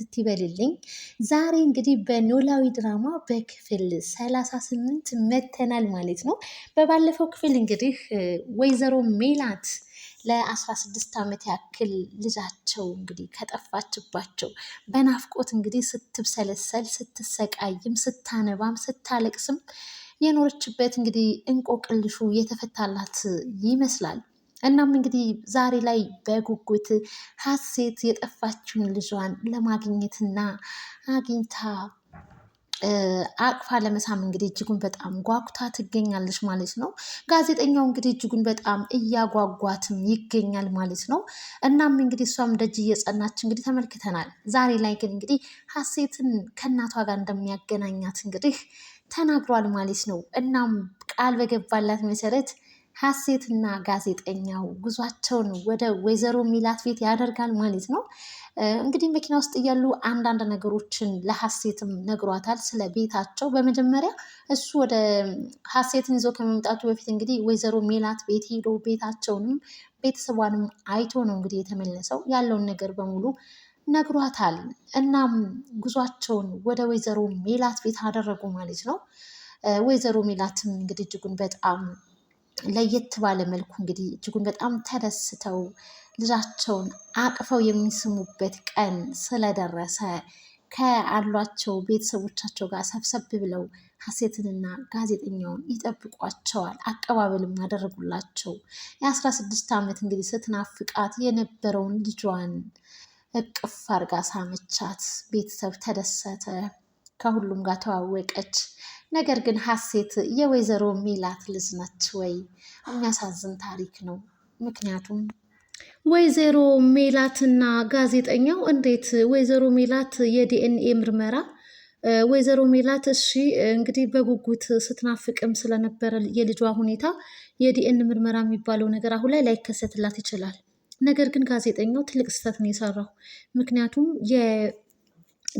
ስትበልልኝ ዛሬ እንግዲህ በኖላዊ ድራማ በክፍል ሰላሳ ስምንት መተናል ማለት ነው። በባለፈው ክፍል እንግዲህ ወይዘሮ ሜላት ለአስራ ስድስት ዓመት ያክል ልጃቸው እንግዲህ ከጠፋችባቸው በናፍቆት እንግዲህ ስትብሰለሰል ስትሰቃይም ስታነባም ስታለቅስም የኖረችበት እንግዲህ እንቆቅልሹ የተፈታላት ይመስላል። እናም እንግዲህ ዛሬ ላይ በጉጉት ሀሴት የጠፋችውን ልጇን ለማግኘትና አግኝታ አቅፋ ለመሳም እንግዲህ እጅጉን በጣም ጓጉታ ትገኛለች ማለት ነው። ጋዜጠኛው እንግዲህ እጅጉን በጣም እያጓጓትም ይገኛል ማለት ነው። እናም እንግዲህ እሷም ደጅ እየጸናች እንግዲህ ተመልክተናል። ዛሬ ላይ ግን እንግዲህ ሀሴትን ከእናቷ ጋር እንደሚያገናኛት እንግዲህ ተናግሯል ማለት ነው። እናም ቃል በገባላት መሰረት ሀሴትና ጋዜጠኛው ጉዟቸውን ወደ ወይዘሮ ሚላት ቤት ያደርጋል ማለት ነው። እንግዲህ መኪና ውስጥ እያሉ አንዳንድ ነገሮችን ለሀሴትም ነግሯታል ስለ ቤታቸው። በመጀመሪያ እሱ ወደ ሀሴትን ይዞ ከመምጣቱ በፊት እንግዲህ ወይዘሮ ሜላት ቤት ሄዶ ቤታቸውንም ቤተሰቧንም አይቶ ነው እንግዲህ የተመለሰው። ያለውን ነገር በሙሉ ነግሯታል። እናም ጉዟቸውን ወደ ወይዘሮ ሜላት ቤት አደረጉ ማለት ነው። ወይዘሮ ሜላትም እንግዲህ እጅጉን በጣም ለየት ባለ መልኩ እንግዲህ እጅጉን በጣም ተደስተው ልጃቸውን አቅፈው የሚስሙበት ቀን ስለደረሰ ከአሏቸው ቤተሰቦቻቸው ጋር ሰብሰብ ብለው ሀሴትንና ጋዜጠኛውን ይጠብቋቸዋል። አቀባበልም ያደረጉላቸው የአስራ ስድስት ዓመት እንግዲህ ስትናፍቃት የነበረውን ልጇን እቅፍ አርጋ ሳመቻት። ቤተሰብ ተደሰተ። ከሁሉም ጋር ተዋወቀች። ነገር ግን ሀሴት የወይዘሮ ሜላት ልጅ ነች ወይ? የሚያሳዝን ታሪክ ነው። ምክንያቱም ወይዘሮ ሜላትና ጋዜጠኛው እንዴት ወይዘሮ ሜላት የዲኤንኤ ምርመራ ወይዘሮ ሜላት እሺ እንግዲህ በጉጉት ስትናፍቅም ስለነበረ የልጇ ሁኔታ የዲኤን ምርመራ የሚባለው ነገር አሁን ላይ ላይከሰትላት ይችላል። ነገር ግን ጋዜጠኛው ትልቅ ስህተት ነው የሰራው። ምክንያቱም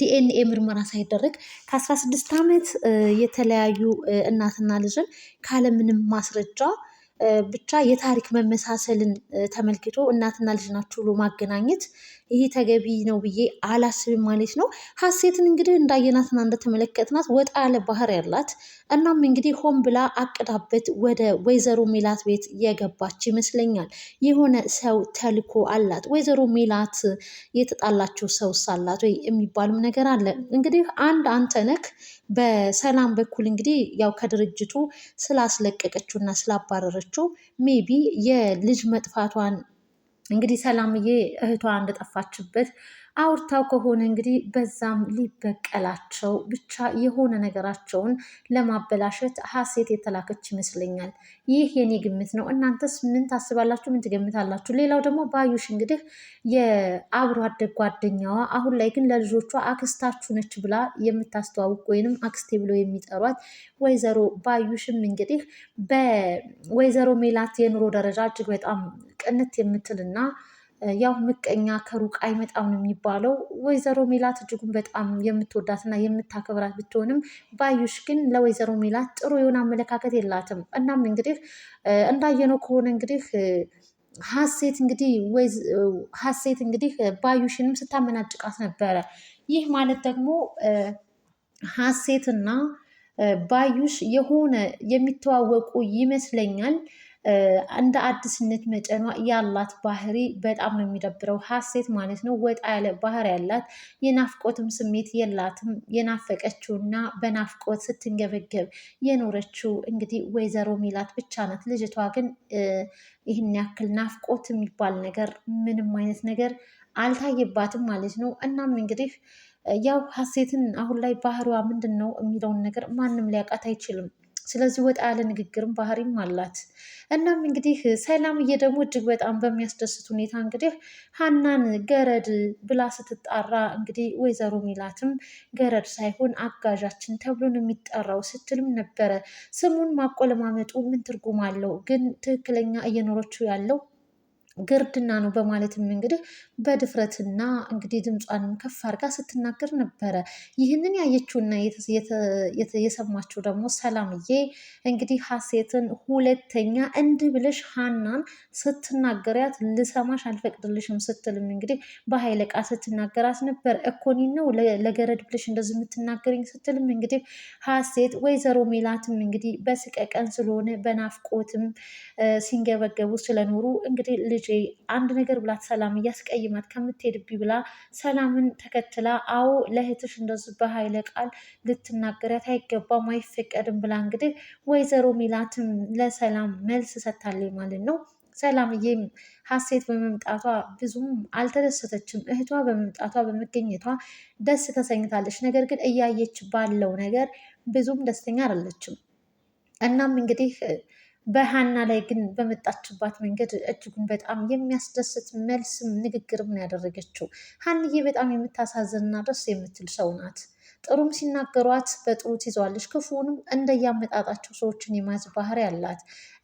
ዲኤንኤ ምርመራ ሳይደረግ ከ16 ዓመት የተለያዩ እናትና ልጅን ካለምንም ማስረጃ ብቻ የታሪክ መመሳሰልን ተመልክቶ እናትና ልጅ ሎ ብሎ ማገናኘት ይሄ ተገቢ ነው ብዬ አላስብም ማለት ነው። ሀሴትን እንግዲህ እንዳየናትና እንደተመለከትናት ወጣ ያለ ባህር ያላት እናም እንግዲህ ሆን ብላ አቅዳበት ወደ ወይዘሮ ሜላት ቤት የገባች ይመስለኛል። የሆነ ሰው ተልኮ አላት። ወይዘሮ ሜላት የተጣላቸው ሰው ሳላት ወይ የሚባልም ነገር አለ። እንግዲህ አንድ አንተነክ በሰላም በኩል እንግዲህ ያው ከድርጅቱ ስላስለቀቀችውና ስላባረረች ያልቻለችው ሜቢ የልጅ መጥፋቷን እንግዲህ ሰላምዬ እህቷ እንደጠፋችበት አውርታው ከሆነ እንግዲህ በዛም ሊበቀላቸው ብቻ የሆነ ነገራቸውን ለማበላሸት ሀሴት የተላከች ይመስለኛል። ይህ የኔ ግምት ነው። እናንተስ ምን ታስባላችሁ? ምን ትገምታላችሁ? ሌላው ደግሞ ባዩሽ እንግዲህ የአብሮ አደግ ጓደኛዋ አሁን ላይ ግን ለልጆቿ አክስታችሁ ነች ብላ የምታስተዋውቅ ወይንም አክስቴ ብሎ የሚጠሯት ወይዘሮ ባዩሽም እንግዲህ በወይዘሮ ሜላት የኑሮ ደረጃ እጅግ በጣም ቅንት የምትልና ያው ምቀኛ ከሩቅ አይመጣም የሚባለው። ወይዘሮ ሜላት እጅጉን በጣም የምትወዳትና የምታከብራት ብትሆንም ባዩሽ ግን ለወይዘሮ ሜላት ጥሩ የሆነ አመለካከት የላትም። እናም እንግዲህ እንዳየነው ከሆነ እንግዲህ ሀሴት እንግዲህ ሀሴት እንግዲህ ባዩሽንም ስታመናጭቃት ነበረ። ይህ ማለት ደግሞ ሀሴትና ባዩሽ የሆነ የሚተዋወቁ ይመስለኛል። እንደ አዲስነት መጨኗ ያላት ባህሪ በጣም ነው የሚደብረው። ሀሴት ማለት ነው ወጣ ያለ ባህሪ ያላት የናፍቆትም ስሜት የላትም። የናፈቀችው እና በናፍቆት ስትንገበገብ የኖረችው እንግዲህ ወይዘሮ ሚላት ብቻ ናት። ልጅቷ ግን ይህን ያክል ናፍቆት የሚባል ነገር ምንም አይነት ነገር አልታየባትም ማለት ነው። እናም እንግዲህ ያው ሀሴትን አሁን ላይ ባህሪዋ ምንድን ነው የሚለውን ነገር ማንም ሊያውቃት አይችልም። ስለዚህ ወጣ ያለ ንግግርም ባህሪም አላት። እናም እንግዲህ ሰላምዬ ደግሞ እጅግ በጣም በሚያስደስት ሁኔታ እንግዲህ ሀናን ገረድ ብላ ስትጣራ እንግዲህ ወይዘሮ ሚላትም ገረድ ሳይሆን አጋዣችን ተብሎን የሚጠራው ስትልም ነበረ። ስሙን ማቆለማመጡ ምን ትርጉም አለው? ግን ትክክለኛ እየኖረችው ያለው ግርድና ነው በማለትም እንግዲህ በድፍረትና እንግዲህ ድምጿንም ከፍ አድርጋ ስትናገር ነበረ። ይህንን ያየችውና የሰማችው ደግሞ ሰላምዬ እንግዲህ ሀሴትን ሁለተኛ እንዲህ ብለሽ ሀናን ስትናገሪያት ልሰማሽ አልፈቅድልሽም ስትልም እንግዲህ በኃይለ ቃል ስትናገራት ነበር። እኮኒ ነው ለገረድ ብለሽ እንደዚህ የምትናገርኝ ስትልም እንግዲህ ሀሴት ወይዘሮ ሜላትም እንግዲህ በስቀቀን ስለሆነ በናፍቆትም ሲንገበገቡ ስለኖሩ እንግዲህ ልጅ አንድ ነገር ብላት ሰላም እያስቀይማት ከምትሄድብ ብላ ሰላምን ተከትላ አዎ ለእህትሽ እንደዚህ በኃይለ ቃል ልትናገሪያት አይገባም፣ አይፈቀድም ብላ እንግዲህ ወይዘሮ ሚላትም ለሰላም መልስ ሰታለ ማለት ነው። ሰላምዬም ሀሴት በመምጣቷ ብዙም አልተደሰተችም። እህቷ በመምጣቷ በመገኘቷ ደስ ተሰኝታለች። ነገር ግን እያየች ባለው ነገር ብዙም ደስተኛ አይደለችም። እናም እንግዲህ በሀና ላይ ግን በመጣችባት መንገድ እጅጉን በጣም የሚያስደስት መልስም ንግግርም ያደረገችው። ሀንዬ በጣም የምታሳዝንና ደስ የምትል ሰው ናት። ጥሩም ሲናገሯት በጥሩ ትይዘዋለች፣ ክፉንም እንደያመጣጣቸው ሰዎችን የማዝ ባህሪ አላት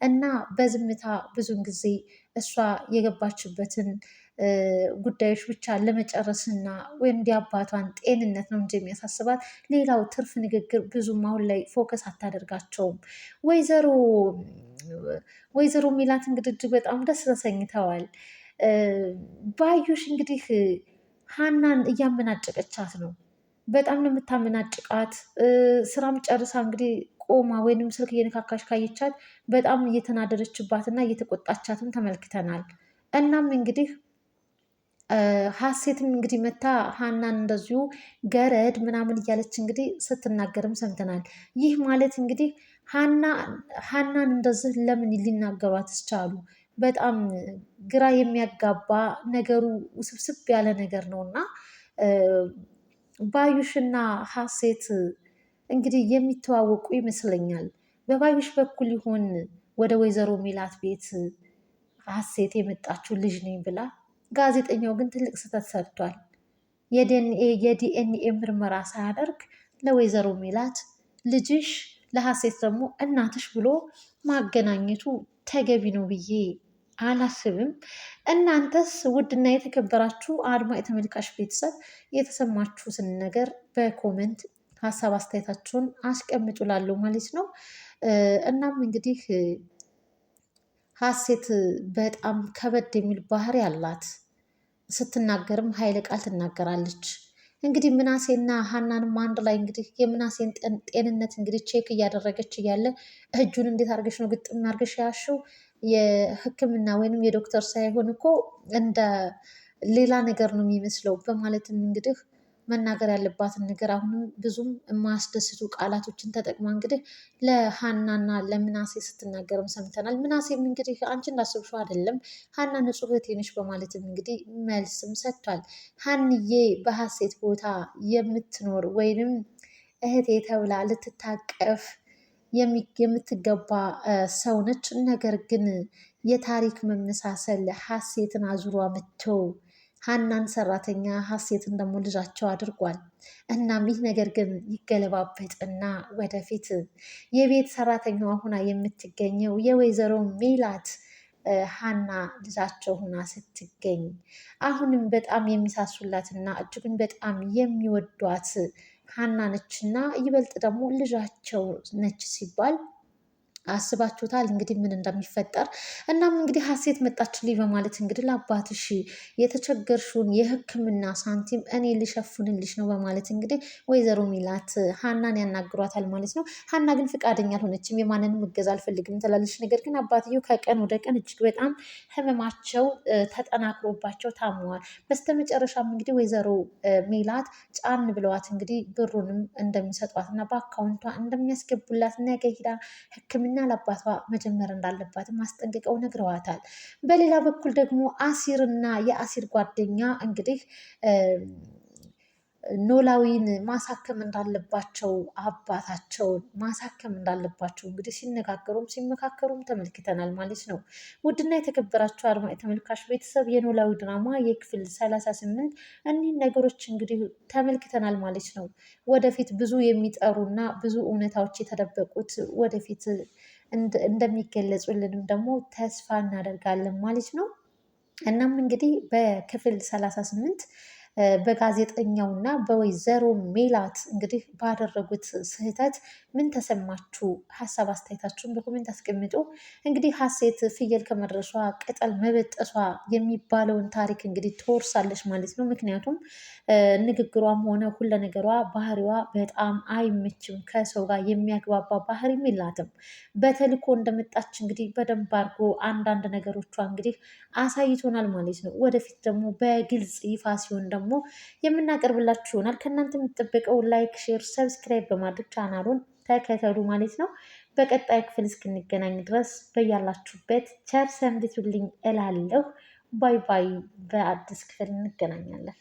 እና በዝምታ ብዙን ጊዜ እሷ የገባችበትን ጉዳዮች ብቻ ለመጨረስና ወይም የአባቷን ጤንነት ነው እንጂ የሚያሳስባት ሌላው ትርፍ ንግግር ብዙም አሁን ላይ ፎከስ አታደርጋቸውም። ወይዘሮ ወይዘሮ ሚላት እንግዲህ እጅግ በጣም ደስ ተሰኝተዋል። ባዩሽ እንግዲህ ሀናን እያመናጨቀቻት ነው። በጣም ነው የምታመናጭቃት። ስራም ጨርሳ እንግዲህ ቆማ ወይንም ስልክ እየነካካሽ ካየቻት በጣም እየተናደደችባት እና እየተቆጣቻትም ተመልክተናል። እናም እንግዲህ ሀሴትም እንግዲህ መታ ሀናን እንደዚሁ ገረድ ምናምን እያለች እንግዲህ ስትናገርም ሰምተናል። ይህ ማለት እንግዲህ ሀናን እንደዚህ ለምን ሊናገሯት ቻሉ? በጣም ግራ የሚያጋባ ነገሩ ውስብስብ ያለ ነገር ነው እና ባዩሽና ሀሴት እንግዲህ የሚተዋወቁ ይመስለኛል። በባዩሽ በኩል ይሆን ወደ ወይዘሮ ሚላት ቤት ሀሴት የመጣችው ልጅ ነኝ ብላ ጋዜጠኛው ግን ትልቅ ስህተት ሰርቷል። የዲኤንኤ ምርመራ ሳያደርግ ለወይዘሮ ሜላት ልጅሽ ለሀሴት ደግሞ እናትሽ ብሎ ማገናኘቱ ተገቢ ነው ብዬ አላስብም። እናንተስ ውድና የተከበራችሁ አድማጭ የተመልካች ቤተሰብ የተሰማችሁትን ነገር በኮመንት ሀሳብ አስተያየታችሁን አስቀምጡላለሁ ማለት ነው። እናም እንግዲህ ሀሴት በጣም ከበድ የሚል ባህሪ አላት። ስትናገርም ኃይለ ቃል ትናገራለች። እንግዲህ ምናሴና ሀናንም አንድ ላይ እንግዲህ የምናሴን ጤንነት እንግዲህ ቼክ እያደረገች እያለ እጁን እንዴት አድርገሽ ነው ግጥም አድርገሽ ያሽው? የሕክምና ወይንም የዶክተር ሳይሆን እኮ እንደ ሌላ ነገር ነው የሚመስለው በማለትም እንግዲህ መናገር ያለባትን ነገር አሁንም ብዙም የማያስደስቱ ቃላቶችን ተጠቅማ እንግዲህ ለሀናና ለምናሴ ስትናገርም ሰምተናል። ምናሴም እንግዲህ አንቺ እንዳሰብሽው አይደለም ሀና ንጹህ እህቴ ነሽ በማለትም እንግዲህ መልስም ሰጥቷል። ሀንዬ በሀሴት ቦታ የምትኖር ወይንም እህቴ ተብላ ልትታቀፍ የምትገባ ሰው ነች። ነገር ግን የታሪክ መመሳሰል ሀሴትን አዙሯ መተው ሀናን ሰራተኛ ሀሴትን ደግሞ ልጃቸው አድርጓል። እናም ይህ ነገር ግን ይገለባበጥና ወደፊት የቤት ሰራተኛዋ ሁና የምትገኘው የወይዘሮ ሜላት ሀና ልጃቸው ሁና ስትገኝ አሁንም በጣም የሚሳሱላትና እጅጉን በጣም የሚወዷት ሀና ነችና ይበልጥ ደግሞ ልጃቸው ነች ሲባል አስባችሁታል እንግዲህ ምን እንደሚፈጠር። እናም እንግዲህ ሀሴት መጣችልኝ በማለት እንግዲህ ለአባትሽ የተቸገርሽውን የሕክምና ሳንቲም እኔ ልሸፍንልሽ ነው በማለት እንግዲህ ወይዘሮ ሚላት ሀናን ያናግሯታል ማለት ነው። ሀና ግን ፈቃደኛ አልሆነችም። የማንንም እገዛ አልፈልግም ትላለች። ነገር ግን አባትየው ከቀን ወደ ቀን እጅግ በጣም ህመማቸው ተጠናክሮባቸው ታመዋል። በስተመጨረሻም እንግዲህ ወይዘሮ ሚላት ጫን ብለዋት እንግዲህ ብሩንም እንደሚሰጧትና በአካውንቷ እንደሚያስገቡላት ነገ ሂዳ ሕክምና እና ለአባቷ መጀመር እንዳለባት አስጠንቅቀው ነግረዋታል። በሌላ በኩል ደግሞ አሲርና የአሲር ጓደኛ እንግዲህ ኖላዊን ማሳከም እንዳለባቸው አባታቸውን ማሳከም እንዳለባቸው እንግዲህ ሲነጋገሩም ሲመካከሩም ተመልክተናል ማለት ነው። ውድና የተከበራቸው አድማጭ ተመልካች ቤተሰብ የኖላዊ ድራማ የክፍል ሰላሳ ስምንት እኒህን ነገሮች እንግዲህ ተመልክተናል ማለት ነው። ወደፊት ብዙ የሚጠሩ እና ብዙ እውነታዎች የተደበቁት ወደፊት እንደሚገለጹልንም ደግሞ ተስፋ እናደርጋለን ማለት ነው። እናም እንግዲህ በክፍል ሰላሳ ስምንት በጋዜጠኛውና በወይዘሮ ሜላት እንግዲህ ባደረጉት ስህተት ምን ተሰማችሁ? ሀሳብ አስተያየታችሁን በኮሜንት አስቀምጡ። እንግዲህ ሀሴት ፍየል ከመድረሷ ቅጠል መበጠሷ የሚባለውን ታሪክ እንግዲህ ትወርሳለች ማለት ነው። ምክንያቱም ንግግሯም ሆነ ሁለ ነገሯ ባህሪዋ በጣም አይመችም። ከሰው ጋር የሚያግባባ ባህሪም የላትም። በተልኮ እንደመጣች እንግዲህ በደንብ አድርጎ አንዳንድ ነገሮቿ እንግዲህ አሳይቶናል ማለት ነው። ወደፊት ደግሞ በግልጽ ይፋ ሲሆን ደግሞ ደግሞ የምናቀርብላችሁ ይሆናል። ከእናንተ የሚጠበቀው ላይክ፣ ሼር፣ ሰብስክራይብ በማድረግ ቻናሉን ተከተሉ ማለት ነው። በቀጣይ ክፍል እስክንገናኝ ድረስ በያላችሁበት ቸር ሰንብቱልኝ እላለሁ። ባይ ባይ። በአዲስ ክፍል እንገናኛለን።